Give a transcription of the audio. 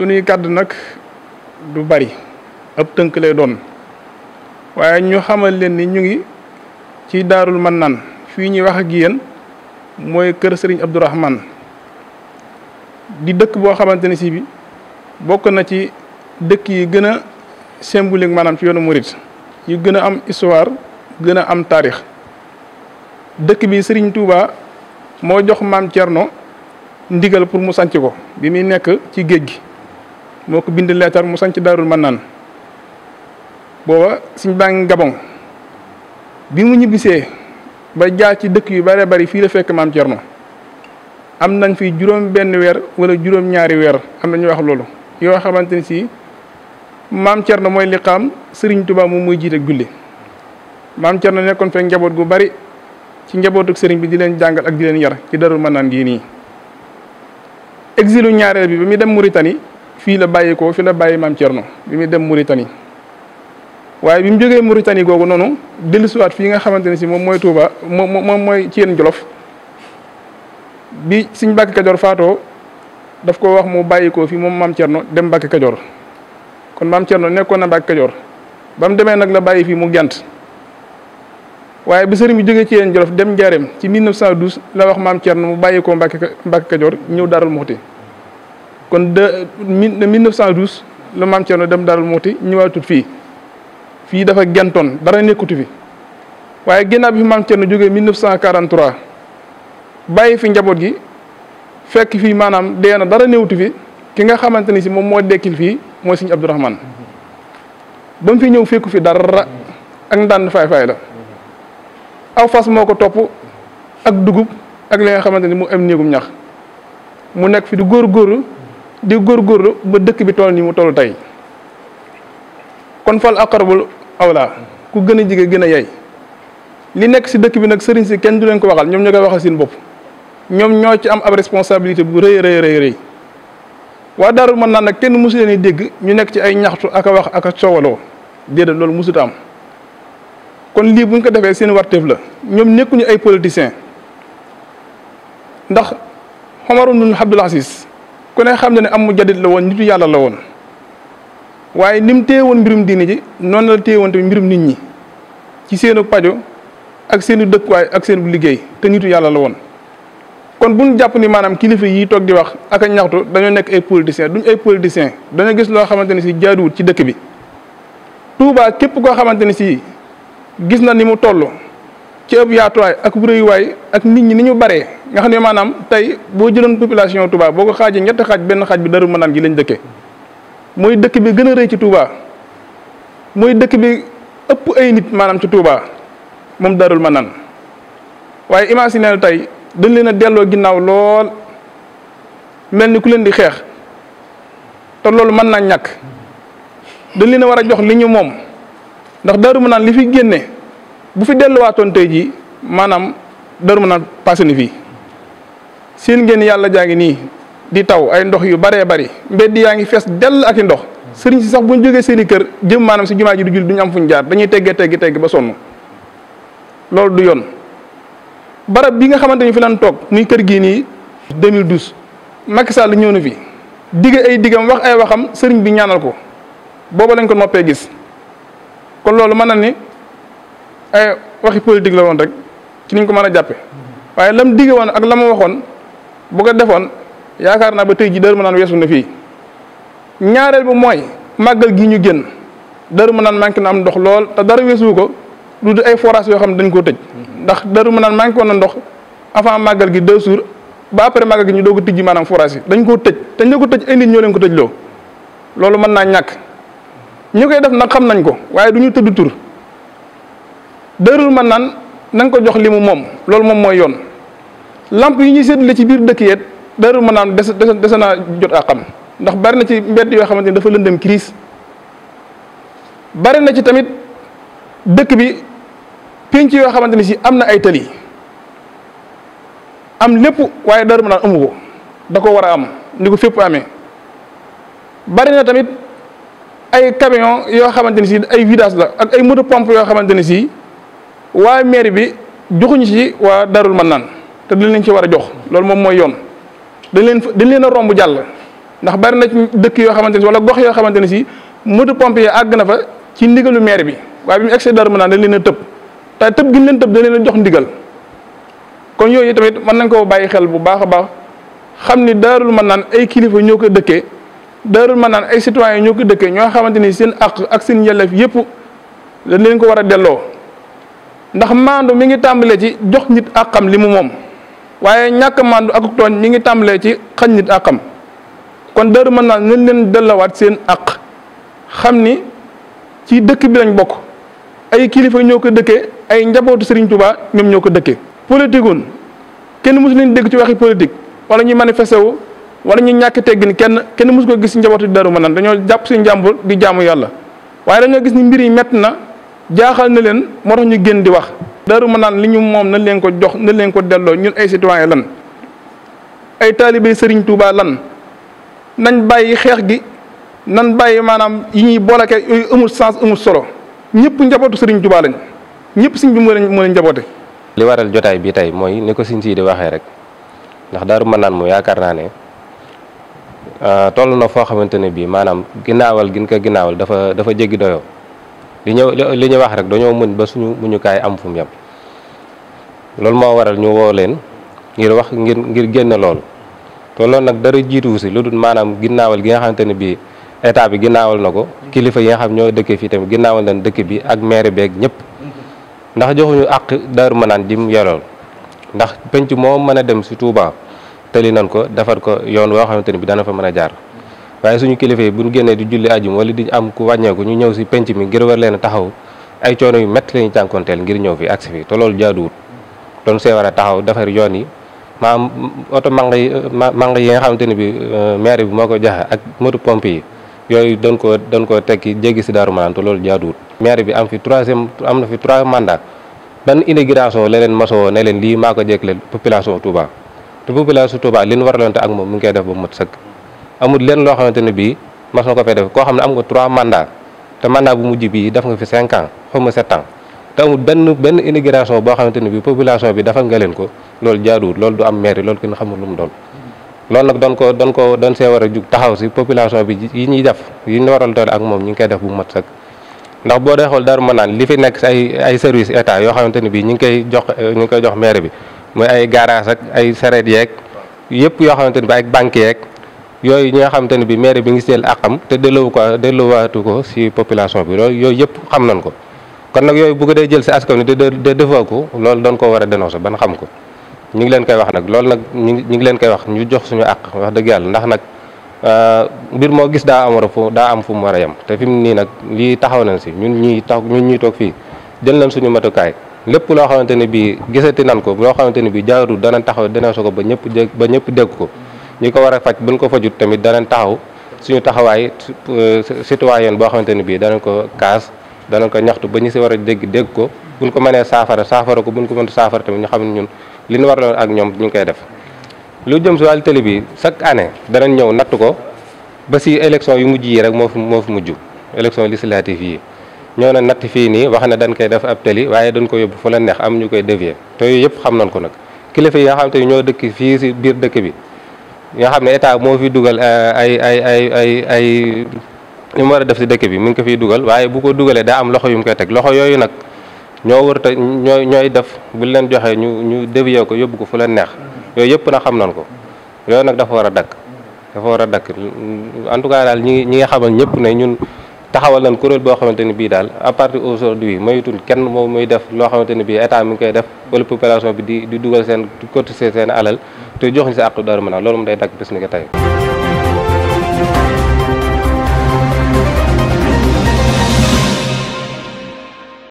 suñuy kàddu nag du bari ab tënk lay doon waaye ñu xamal leen ni ñu ngi ci daarul mannaan fii ñuy wax ak yéen mooy kër sëriñ Abdourahman di dëkk boo xamante ni si bi bokk na ci dëkk yi gën a symbolique maanaam ci yoonu murit yu gën a am histoire gën a am taarix dëkk bi sëriñ Touba moo jox maam Thierno ndigal pour mu sanc ko bi muy nekk ci géej gi moo ko bind leetar mu sanc daarul mannaan booba suñ baa ngi bi mu ñibbisee ba jaar ci dëkk yu bare bari fii la fekk maam Cerno am nañ fi juróom benn weer wala juróom ñaari weer am na ñu wax loolu yoo xamante ni si maam Cerno mooy liqaam Sëriñ Tuubaa moom mooy jiite julli maam Cerno nekkoon fekk njaboot gu bari ci njabootuk sëriñ bi di leen jàngal ak di leen yar ci darul mannaan gii nii exilu ñaareel bi ba mu dem Mauritanie fii la bàyyikoo fi la bàyyi maam no bi muy dem Mauritanie waaye bi mu jógee Mauritanie googu noonu dellusiwaat fii nga xamante ne si moom mooy Touba moom moom mooy Thiène Jolof bi Sëñ Mbàkke Kajoor faatoo daf ko wax mu bàyyikoo fi moom maam no dem Mbàkke Kajoor kon maam Thierno nekkoon na Mbàkke ba mu demee nag la bàyyi fii mu gant waaye bi mu bi ci Thiène Jolof dem Njaareem ci 1912 la wax maam Thierno mu bàyyikoo Mbàkke Mbàkke Kajoor ñëw Daarul Muxti kon de mille mille neuf cent douze la maam Thierno dem Darou Mouhty ñëwaatut fii fii dafa gentoon dara nekkutu fi waaye ginnaaw bi fi maam Thierno jógee mille neuf cent quarante trois bàyyi fi njaboot gi fekk fii maanaam dee na dara néewtu fi ki nga xamante ni si moom moo dekkil fii mooy sëñ Abdourahmane ba mu fi ñëw fekku fi dara ak ndànn faay-faay la aw fas moo ko topp ak dugub ak li nga xamante ni mu am néegum ñax mu nekk fi di góor-góorlu di góorgóorlu ba dëkk bi toll ni mu toll tey kon fal aqrabul awla ku gën a jige gën a yey li nekk si dëkk bi nag sëriñ si kenn du leen ko waxal ñoom ñoo koy waxal seen bopp ñoom ñoo ci am ab responsabilité bu rëy rëy rëy rëy waa daarul mën naa nag kenn mosu leen dégg ñu nekk ci ay ñaxtu ak a wax ak a déedéet loolu mosut am kon lii bu ñu ko defee seen warteef la ñoom nekkuñu ay politiciens ndax Omar ibn Abdul Aziz ku ne xam na ne am mu jadit la woon nitu yàlla la woon waaye ni mu téye woon mbirum diini ji noonu la téye mbirum nit ñi ci seenu pajo ak seenu dëkkuwaay ak seenu liggéey te nitu yàlla la woon. kon bu ñu jàpp ni maanaam kilifa yi toog di wax ak a ñaxtu dañoo nekk ay politiciens duñ ay politiciens dañoo gis loo xamante ni si jaaduwut ci dëkk bi. Touba képp koo xamante ni si gis na ni mu toll ci ëpp yaatuwaay ak réyuwaay ak nit ñi ni ñu baree nga xam ne maanaam tey boo jëloon population Touba boo ko xaajee ñetti xaaj benn xaaj bi Darou Manane gi lañ dëkkee mooy dëkk bi gën a rëy ci Touba mooy dëkk bi ëpp ay nit maanaam ci Touba moom Darou Manane waaye imaginer tey dañ leen a delloo ginnaaw lool mel ni ku leen di xeex te loolu mën naa ñàkk dañ leen a war a jox li ñu moom ndax Darou Manane li fi génne. bu fi delluwaatoon tey jii maanaam dër mën a passé fi seen ngeen yàlla jaa ngi nii di taw ay ndox yu baree bari mbedd yaa ngi fees dell ak i ndox sëriñ si sax bu ñu jógee seen i kër jëm maanaam si jumaa ji du jul du am fu ñu jaar dañuy teggee teggi tegg ba sonn loolu du yoon barab bi nga xamante ni fi lan toog muy kër gii nii 2012 Macky Sall ñëw na fi digg ay diggam wax ay waxam sëriñ bi ñaanal ko booba lañ ko noppee gis kon loolu mën na ni ay waxi politique la woon rek ci niñ ko mën a jàppe waaye lam digge woon ak la ma waxoon bu ko defoon yaakaar naa ba tey ji dër ma naan weesu na fii ñaareel bi mooy màggal gi ñu génn dër ma naan manqué na am ndox lool te dara weesuwu ko lu du ay forage yoo xam ne dañ koo tëj ndax dër ma naan manqué woon na ndox avant màggal gi deux jours ba après màggal gi ñu ko a tijji maanaam forage yi dañ koo tëj te ñu ko tëj ay nit ñoo leen ko tëj loo loolu mën naa ñàkk ñi koy def nag xam nañ ko waaye du ñu darul man naan na ko jox li mu moom loolu moom mooy yoon lamp yi ñuy séddale ci biir dëkk yeet darul ma naan des dese naa jot a xam ndax bari na ci mbedd yoo xamante ni dafa lëndëm crise bari na ci tamit dëkk bi pénc yoo xamante ni si am na ay tali am lépp waaye darul ma naan amu ko da ko war a am ni ko fépp amee bari na tamit ay camion yoo xamante ni si ay vidange la ak ay moto pompe yoo xamante ni si. waaye mairie bi joxuñu ci waa Darou Manane te dañ leen ci war a jox loolu moom mooy yoon dañ leen dañ leen a romb jàll ndax bari na dëkk yoo xamante ne si wala gox yoo xamante ne si moto pompier àgg na fa ci ndigalu maire bi waaye bi mu egsi ma naan dañ leen a tëb te tëb gi ñu leen tëb dañ leen a jox ndigal kon yooyu tamit mën nañ koo bàyyi xel bu baax a baax xam ni Darou Manane ay kilifa ñoo ko dëkkee Darou naan ay citoyens ñoo ko dëkkee ñoo xamante ni seen àq ak seen yëpp dañ leen ko war a delloo. ndax maandu mi ngi tàmbalee ci jox nit àqam li mu moom waaye ñàkk maandu ak tooñ mi ngi tàmbalee ci xañ nit àqam kon dëru mën naa nañ leen dëllawaat seen àq xam ni ci dëkk bi lañ bokk ay kilifa ñoo ko dëkke ay njabootu Serigne Touba ñoom ñoo ko dëkkee. politikuun kenn mësu leen dégg ci waxi politique wala ñu manifesté wu wala ñu ñàkk teggin kenn kenn mësu ko gis njabootu dëru mën naan dañoo jàpp si njàmbur di jaamu yàlla waaye dañoo gis ni mbir yi métti na. jaaxal na leen moo tax ñu génn di wax Daaru Manaan li ñu moom nañ leen ko jox nañ leen ko delloo ñun ay citoyen lan ay taalibe sëriñ Touba lan nañ bàyyi xeex gi nan bàyyi maanaam yi ñuy boolake yooyu amul sens amul solo ñëpp njabootu sëriñ Touba lañ ñëpp Serigne bi moo leen moo leen njaboote. li waral jotaay bi tey mooy ni ko siñ sii di waxee rek ndax Daaru Manaan mu yaakaar naa ne ah, toll na foo xamante ne bii maanaam ginnaawal gin ko ginnaawal dafa dafa jéggi doyoo. li ñu li ñu wax rek dañoo mën ba suñu muñukaay am fu mu yem loolu moo waral ñu woo leen ngir wax ngir ngir génn loolu te nag dara jiituwu si lu dul maanaam ginnaawal gi nga xamante ne bii état bi ginnaawal na ko kilifa yi nga xam ñoo dëkkee fii tamit ginnaawal nañ dëkk bi ak maire beeg ñëpp ndax joxuñu àq Daaru Manaan ji mu yoroon ndax penc moo mën a dem si Touba tëli nañ ko defar ko yoon woo xamante ne bi dana fa mën a jaar waaye suñu kilifa bu ñu génnee di julli ajum wala di am ku wàññeeku ñu ñëw si penc mi ngir war leen taxaw ay coono yu métti lañuy jànkonteel ngir ñëw fi agsi fi te loolu jaaduwut doon see war taxaw defar yoon yi maanaam oto mang yi mang yi nga xamante ne bi euh, maire bi moo ko jaxe ak moto pompe yi yooyu doon koo doon koo tekki jéggi si daaru maanaam te loolu jaaduwut maire bi am fi troisième am na fi trois mandat ban intégration la leen masoo ne leen lii maa ko jékk leen population Touba te population Touba li ñu waralante ak moom mu ngi koy def ba mot sëkk amul leen loo xamante ne bii mas na ko fay def koo xam ne am nga 3 mandat te mandat bu mujj bi def nga fi 5 ans xaw ma 7 ans te amul benn benn immigration boo xamante ne bii population bi defal nga leen ko loolu jaaduwul loolu du am mairie loolu kenn xamul lu mu doon. loolu nag doon ko doon ko doon see war a jug taxaw si population bi yi ñuy def yi ñu waral toll ak moom ñu ngi koy def bu mat sax ndax boo dee xool dara ma naan li fi nekk si ay ay service état yoo xamante ne bii ñu ngi koy jox ñu ngi koy jox maire bi mooy ay garage ak ay sareet yeeg yëpp yoo xamante ne bi ay banque yeeg yooyu ñi nga xamante ne bi maire bi ngi seel àqam te delloo ko delloowaatu ko si population bi loolu yooyu yëpp xam nañ ko kon nag yooyu bu ko dee jël si askan wi de defoo ko loolu doon ko war a dénoncé ban xam ko ñu ngi leen koy wax nag loolu nag ñu ngi ñu ngi leen koy wax ñu jox suñu àq wax dëgg yàlla ndax nag euh, mbir moo gis daa am fu daa am fu mu war a yem te fi mu nii nag lii taxaw nañ si ñun ñii tax ñun ñii toog fii jël nañ suñu matukaay lépp loo xamante ne bii gisati nan ko loo xamante ne bii jaarul dana taxaw dénoncé ko ba ñëpp ba ñëpp dégg ko ñu ko war a faj buñ ko fajut tamit danañ taxaw suñu taxawaay euh, citoyen boo xamante ni bii danañ ko kaas danañ ko ñaxtu ba ñu si war a dégg dégg ko buñ ko mënee saafara saafara ko buñ ko mënut saafara tamit ñu xam ne ñun li war waraloon ak ñoom ñu ngi koy def lu jëm si wàllu télé bi chaque année danañ ñëw natt ko ba si élection yu mujj yii rek moo fi moo fi mujj élection législative yi ñoo na natt fii nii wax na dañ koy def ab tëli waaye dañ ko yóbbu fu la neex am ñu koy dévier te yooyu yëpp xam nañ ko nag kilifa yi nga xam te ñoo dëkk fii si biir dëkk bi yoo xam ne état moo fi dugal euh, ay ay ay ay ay li mu a def si dëkk bi mu ngi ko fiy dugal waaye bu ko dugalee daa am loxo yu mu koy teg loxo yooyu nag ñoo wër te ñooy ñooy def bu leen joxee ñu ñu dévier ko yóbbu ko fu leen neex yooyu yëpp na xam nañ ko yooyu nag dafa war a dakk dafa war a dakk en tout cas daal ñi ñi nga xamal ñëpp ne ñun taxawal nañ kuréel boo xamante ni bii daal à partir aujourd'hui mayutul kenn moom muy def loo xamante ni bii état mi ngi koy def wala population bi di di dugal seen cotiser seen alal te joxuñ sa àqu dara mën a loolu mu day dagg bis ni ko tey